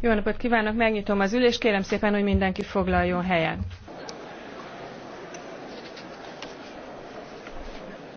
Jó napot kvánok megnyitom az ülést, kérem szépen, hogy mindenki foglaljon helyet.